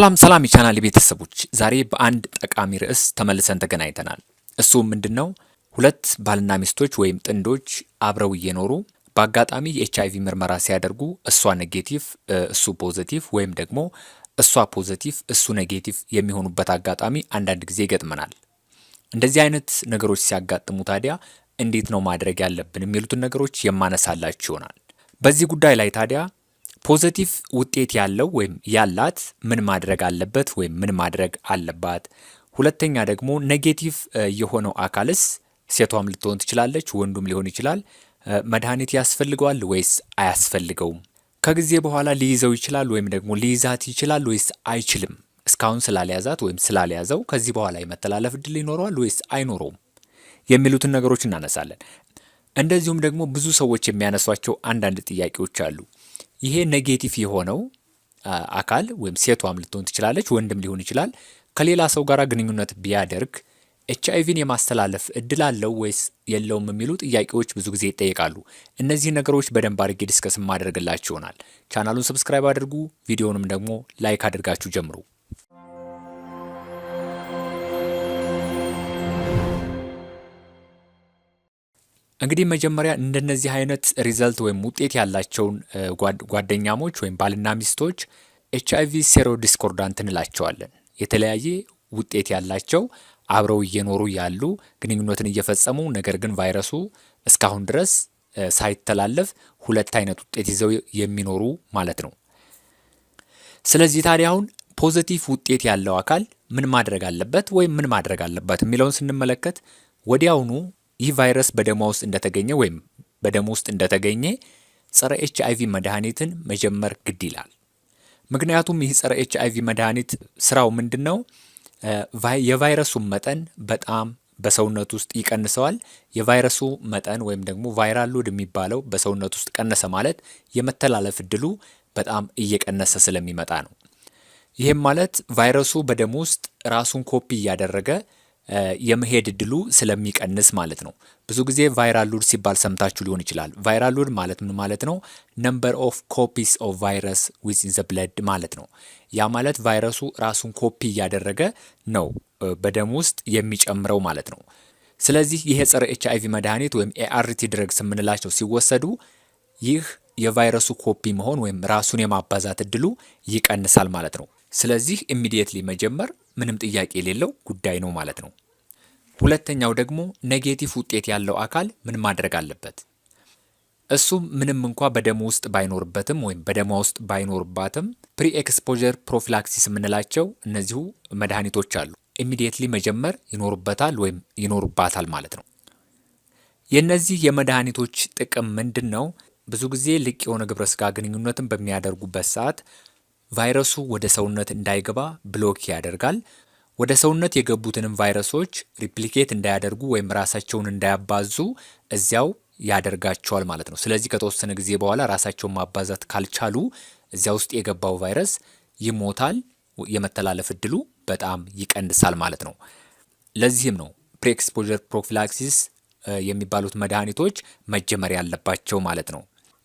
ሰላም ሰላም የቻናል ቤተሰቦች፣ ዛሬ በአንድ ጠቃሚ ርዕስ ተመልሰን ተገናኝተናል። እሱም ምንድን ነው? ሁለት ባልና ሚስቶች ወይም ጥንዶች አብረው እየኖሩ በአጋጣሚ የኤች አይቪ ምርመራ ሲያደርጉ እሷ ኔጌቲቭ እሱ ፖዘቲቭ ወይም ደግሞ እሷ ፖዘቲቭ እሱ ኔጌቲቭ የሚሆኑበት አጋጣሚ አንዳንድ ጊዜ ይገጥመናል። እንደዚህ አይነት ነገሮች ሲያጋጥሙ ታዲያ እንዴት ነው ማድረግ ያለብን የሚሉትን ነገሮች የማነሳላችሁ ይሆናል። በዚህ ጉዳይ ላይ ታዲያ ፖዘቲቭ ውጤት ያለው ወይም ያላት ምን ማድረግ አለበት ወይም ምን ማድረግ አለባት? ሁለተኛ ደግሞ ኔጌቲቭ የሆነው አካልስ ሴቷም ልትሆን ትችላለች፣ ወንዱም ሊሆን ይችላል። መድኃኒት ያስፈልገዋል ወይስ አያስፈልገውም? ከጊዜ በኋላ ሊይዘው ይችላል ወይም ደግሞ ሊይዛት ይችላል ወይስ አይችልም? እስካሁን ስላልያዛት ወይም ስላልያዘው ከዚህ በኋላ የመተላለፍ እድል ይኖረዋል ወይስ አይኖረውም? የሚሉትን ነገሮች እናነሳለን። እንደዚሁም ደግሞ ብዙ ሰዎች የሚያነሷቸው አንዳንድ ጥያቄዎች አሉ። ይሄ ኔጌቲቭ የሆነው አካል ወይም ሴቷም ልትሆን ትችላለች፣ ወንድም ሊሆን ይችላል። ከሌላ ሰው ጋር ግንኙነት ቢያደርግ ኤች አይቪን የማስተላለፍ እድል አለው ወይስ የለውም የሚሉ ጥያቄዎች ብዙ ጊዜ ይጠየቃሉ። እነዚህ ነገሮች በደንብ አድርጌ ዲስከስ ማደርግላችሁ ይሆናል። ቻናሉን ሰብስክራይብ አድርጉ፣ ቪዲዮንም ደግሞ ላይክ አድርጋችሁ ጀምሩ። እንግዲህ መጀመሪያ እንደነዚህ አይነት ሪዘልት ወይም ውጤት ያላቸውን ጓደኛሞች ወይም ባልና ሚስቶች ኤች አይቪ ሴሮ ዲስኮርዳንት እንላቸዋለን። የተለያየ ውጤት ያላቸው አብረው እየኖሩ ያሉ ግንኙነትን እየፈጸሙ ነገር ግን ቫይረሱ እስካሁን ድረስ ሳይተላለፍ ሁለት አይነት ውጤት ይዘው የሚኖሩ ማለት ነው። ስለዚህ ታዲያ አሁን ፖዘቲቭ ውጤት ያለው አካል ምን ማድረግ አለበት ወይም ምን ማድረግ አለበት የሚለውን ስንመለከት ወዲያውኑ ይህ ቫይረስ በደሟ ውስጥ እንደተገኘ ወይም በደም ውስጥ እንደተገኘ ጸረ ኤች አይቪ መድኃኒትን መጀመር ግድ ይላል። ምክንያቱም ይህ ጸረ ኤች አይቪ መድኃኒት ስራው ምንድን ነው? የቫይረሱን መጠን በጣም በሰውነት ውስጥ ይቀንሰዋል። የቫይረሱ መጠን ወይም ደግሞ ቫይራል ሎድ የሚባለው በሰውነት ውስጥ ቀነሰ ማለት የመተላለፍ እድሉ በጣም እየቀነሰ ስለሚመጣ ነው። ይህም ማለት ቫይረሱ በደም ውስጥ ራሱን ኮፒ እያደረገ የመሄድ እድሉ ስለሚቀንስ ማለት ነው። ብዙ ጊዜ ቫይራል ሎድ ሲባል ሰምታችሁ ሊሆን ይችላል። ቫይራል ሎድ ማለት ምን ማለት ነው? ነምበር ኦፍ ኮፒስ ኦፍ ቫይረስ ዊዝን ዘ ብለድ ማለት ነው። ያ ማለት ቫይረሱ ራሱን ኮፒ እያደረገ ነው በደም ውስጥ የሚጨምረው ማለት ነው። ስለዚህ ይህ ጸረ ኤች አይቪ መድኃኒት ወይም ኤአርቲ ድረግስ የምንላቸው ሲወሰዱ ይህ የቫይረሱ ኮፒ መሆን ወይም ራሱን የማባዛት እድሉ ይቀንሳል ማለት ነው። ስለዚህ ኢሚዲየትሊ መጀመር ምንም ጥያቄ የሌለው ጉዳይ ነው ማለት ነው። ሁለተኛው ደግሞ ኔጌቲቭ ውጤት ያለው አካል ምን ማድረግ አለበት? እሱም ምንም እንኳ በደሞ ውስጥ ባይኖርበትም ወይም በደማ ውስጥ ባይኖርባትም ፕሪ ኤክስፖዠር ፕሮፊላክሲስ የምንላቸው እነዚሁ መድኃኒቶች አሉ። ኢሚዲየትሊ መጀመር ይኖሩበታል ወይም ይኖሩባታል ማለት ነው። የእነዚህ የመድኃኒቶች ጥቅም ምንድን ነው? ብዙ ጊዜ ልቅ የሆነ ግብረ ስጋ ግንኙነትን በሚያደርጉበት ሰዓት ቫይረሱ ወደ ሰውነት እንዳይገባ ብሎክ ያደርጋል። ወደ ሰውነት የገቡትንም ቫይረሶች ሪፕሊኬት እንዳያደርጉ ወይም ራሳቸውን እንዳያባዙ እዚያው ያደርጋቸዋል ማለት ነው። ስለዚህ ከተወሰነ ጊዜ በኋላ ራሳቸውን ማባዛት ካልቻሉ እዚያ ውስጥ የገባው ቫይረስ ይሞታል። የመተላለፍ እድሉ በጣም ይቀንሳል ማለት ነው። ለዚህም ነው ፕሪ ፕሮፊላክሲስ የሚባሉት መድኃኒቶች መጀመር ያለባቸው ማለት ነው።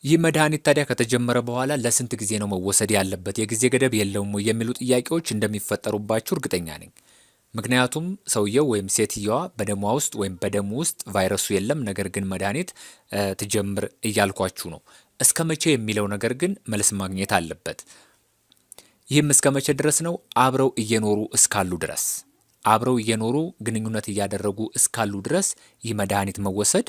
ይህ መድኃኒት ታዲያ ከተጀመረ በኋላ ለስንት ጊዜ ነው መወሰድ ያለበት? የጊዜ ገደብ የለውም የሚሉ ጥያቄዎች እንደሚፈጠሩባችሁ እርግጠኛ ነኝ። ምክንያቱም ሰውየው ወይም ሴትየዋ በደሟ ውስጥ ወይም በደሙ ውስጥ ቫይረሱ የለም፣ ነገር ግን መድኃኒት ትጀምር እያልኳችሁ ነው። እስከ መቼ የሚለው ነገር ግን መልስ ማግኘት አለበት። ይህም እስከ መቼ ድረስ ነው? አብረው እየኖሩ እስካሉ ድረስ አብረው እየኖሩ ግንኙነት እያደረጉ እስካሉ ድረስ ይህ መድኃኒት መወሰድ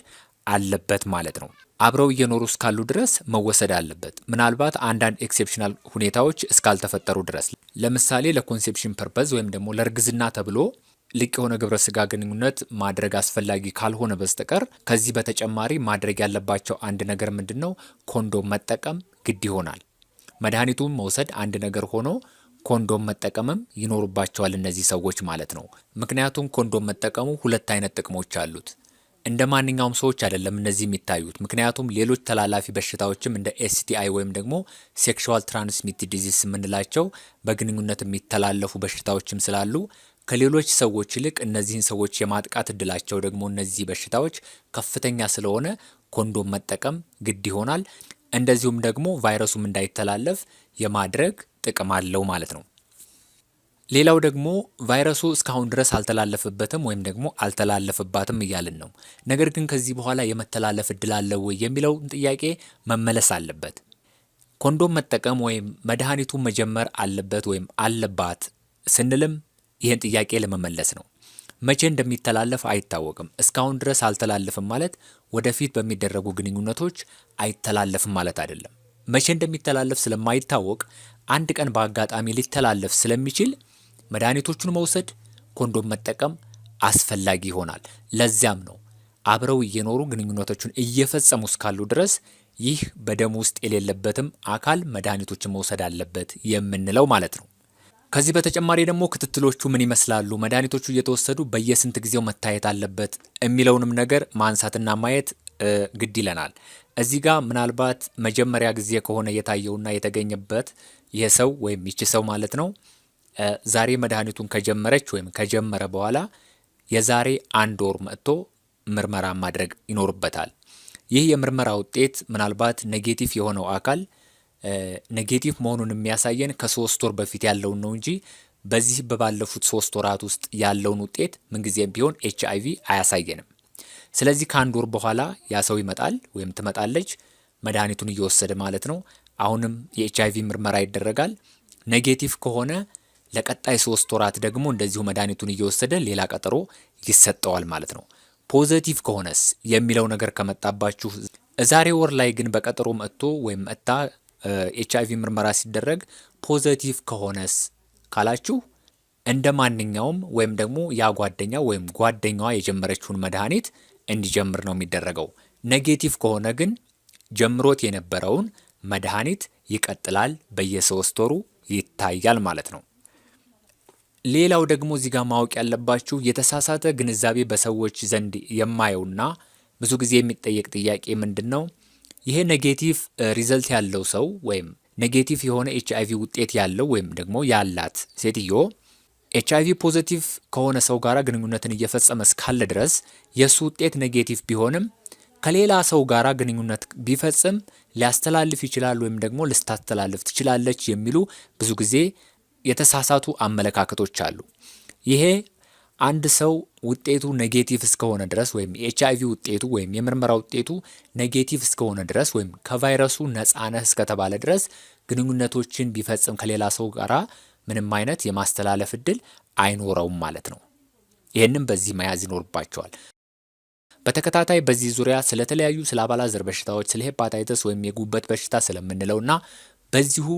አለበት ማለት ነው። አብረው እየኖሩ እስካሉ ድረስ መወሰድ አለበት። ምናልባት አንዳንድ ኤክሴፕሽናል ሁኔታዎች እስካልተፈጠሩ ድረስ ለምሳሌ ለኮንሴፕሽን ፐርፐዝ ወይም ደግሞ ለእርግዝና ተብሎ ልቅ የሆነ ግብረ ስጋ ግንኙነት ማድረግ አስፈላጊ ካልሆነ በስተቀር ከዚህ በተጨማሪ ማድረግ ያለባቸው አንድ ነገር ምንድን ነው? ኮንዶም መጠቀም ግድ ይሆናል። መድኃኒቱን መውሰድ አንድ ነገር ሆኖ ኮንዶም መጠቀምም ይኖሩባቸዋል እነዚህ ሰዎች ማለት ነው። ምክንያቱም ኮንዶም መጠቀሙ ሁለት አይነት ጥቅሞች አሉት። እንደ ማንኛውም ሰዎች አይደለም እነዚህ የሚታዩት። ምክንያቱም ሌሎች ተላላፊ በሽታዎችም እንደ ኤስቲአይ ወይም ደግሞ ሴክሹዋል ትራንስሚት ዲዚዝ የምንላቸው በግንኙነት የሚተላለፉ በሽታዎችም ስላሉ ከሌሎች ሰዎች ይልቅ እነዚህን ሰዎች የማጥቃት እድላቸው ደግሞ እነዚህ በሽታዎች ከፍተኛ ስለሆነ ኮንዶም መጠቀም ግድ ይሆናል። እንደዚሁም ደግሞ ቫይረሱም እንዳይተላለፍ የማድረግ ጥቅም አለው ማለት ነው። ሌላው ደግሞ ቫይረሱ እስካሁን ድረስ አልተላለፈበትም ወይም ደግሞ አልተላለፈባትም እያልን ነው። ነገር ግን ከዚህ በኋላ የመተላለፍ እድል አለ ወይ የሚለውን ጥያቄ መመለስ አለበት። ኮንዶም መጠቀም ወይም መድኃኒቱ መጀመር አለበት ወይም አለባት ስንልም ይህን ጥያቄ ለመመለስ ነው። መቼ እንደሚተላለፍ አይታወቅም። እስካሁን ድረስ አልተላለፍም ማለት ወደፊት በሚደረጉ ግንኙነቶች አይተላለፍም ማለት አይደለም። መቼ እንደሚተላለፍ ስለማይታወቅ አንድ ቀን በአጋጣሚ ሊተላለፍ ስለሚችል መድኃኒቶቹን መውሰድ፣ ኮንዶም መጠቀም አስፈላጊ ይሆናል። ለዚያም ነው አብረው እየኖሩ ግንኙነቶችን እየፈጸሙ እስካሉ ድረስ ይህ በደም ውስጥ የሌለበትም አካል መድኃኒቶችን መውሰድ አለበት የምንለው ማለት ነው። ከዚህ በተጨማሪ ደግሞ ክትትሎቹ ምን ይመስላሉ፣ መድኃኒቶቹ እየተወሰዱ በየስንት ጊዜው መታየት አለበት የሚለውንም ነገር ማንሳትና ማየት ግድ ይለናል። እዚህ ጋር ምናልባት መጀመሪያ ጊዜ ከሆነ የታየውና የተገኘበት ይህ ሰው ወይም ይቺ ሰው ማለት ነው ዛሬ መድኃኒቱን ከጀመረች ወይም ከጀመረ በኋላ የዛሬ አንድ ወር መጥቶ ምርመራ ማድረግ ይኖርበታል። ይህ የምርመራ ውጤት ምናልባት ኔጌቲቭ የሆነው አካል ኔጌቲቭ መሆኑን የሚያሳየን ከሶስት ወር በፊት ያለውን ነው እንጂ በዚህ በባለፉት ሶስት ወራት ውስጥ ያለውን ውጤት ምንጊዜም ቢሆን ኤች አይ ቪ አያሳየንም። ስለዚህ ከአንድ ወር በኋላ ያ ሰው ይመጣል ወይም ትመጣለች፣ መድኃኒቱን እየወሰደ ማለት ነው። አሁንም የኤች አይ ቪ ምርመራ ይደረጋል። ኔጌቲቭ ከሆነ ለቀጣይ ሶስት ወራት ደግሞ እንደዚሁ መድኃኒቱን እየወሰደ ሌላ ቀጠሮ ይሰጠዋል ማለት ነው። ፖዘቲቭ ከሆነስ የሚለው ነገር ከመጣባችሁ ዛሬ ወር ላይ ግን በቀጠሮ መጥቶ ወይም መጥታ ኤች አይቪ ምርመራ ሲደረግ ፖዘቲቭ ከሆነስ ካላችሁ እንደ ማንኛውም ወይም ደግሞ ያ ጓደኛ ወይም ጓደኛዋ የጀመረችውን መድኃኒት እንዲጀምር ነው የሚደረገው። ኔጌቲቭ ከሆነ ግን ጀምሮት የነበረውን መድኃኒት ይቀጥላል፣ በየሶስት ወሩ ይታያል ማለት ነው። ሌላው ደግሞ እዚህ ጋር ማወቅ ያለባችሁ የተሳሳተ ግንዛቤ በሰዎች ዘንድ የማየውና ብዙ ጊዜ የሚጠየቅ ጥያቄ ምንድን ነው? ይሄ ኔጌቲቭ ሪዘልት ያለው ሰው ወይም ኔጌቲቭ የሆነ ኤች አይቪ ውጤት ያለው ወይም ደግሞ ያላት ሴትዮ ኤች አይቪ ፖዘቲቭ ከሆነ ሰው ጋር ግንኙነትን እየፈጸመ እስካለ ድረስ የእሱ ውጤት ኔጌቲቭ ቢሆንም ከሌላ ሰው ጋር ግንኙነት ቢፈጽም ሊያስተላልፍ ይችላል ወይም ደግሞ ልስታስተላልፍ ትችላለች የሚሉ ብዙ ጊዜ የተሳሳቱ አመለካከቶች አሉ። ይሄ አንድ ሰው ውጤቱ ኔጌቲቭ እስከሆነ ድረስ ወይም የኤች አይቪ ውጤቱ ወይም የምርመራ ውጤቱ ኔጌቲቭ እስከሆነ ድረስ ወይም ከቫይረሱ ነፃ ነህ እስከተባለ ድረስ ግንኙነቶችን ቢፈጽም ከሌላ ሰው ጋራ ምንም አይነት የማስተላለፍ እድል አይኖረውም ማለት ነው። ይህንም በዚህ መያዝ ይኖርባቸዋል። በተከታታይ በዚህ ዙሪያ ስለተለያዩ ስለ አባላዘር በሽታዎች፣ ስለ ሄፓታይተስ ወይም የጉበት በሽታ ስለምንለውና በዚሁ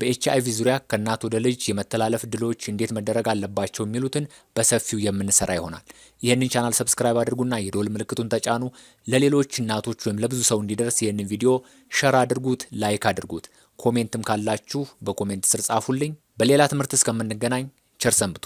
በኤች አይቪ ዙሪያ ከእናት ወደ ልጅ የመተላለፍ ድሎች እንዴት መደረግ አለባቸው የሚሉትን በሰፊው የምንሰራ ይሆናል። ይህንን ቻናል ሰብስክራይብ አድርጉና የዶል ምልክቱን ተጫኑ። ለሌሎች እናቶች ወይም ለብዙ ሰው እንዲደርስ ይህንን ቪዲዮ ሸር አድርጉት፣ ላይክ አድርጉት። ኮሜንትም ካላችሁ በኮሜንት ስር ጻፉልኝ። በሌላ ትምህርት እስከምንገናኝ ቸር ሰንብቱ።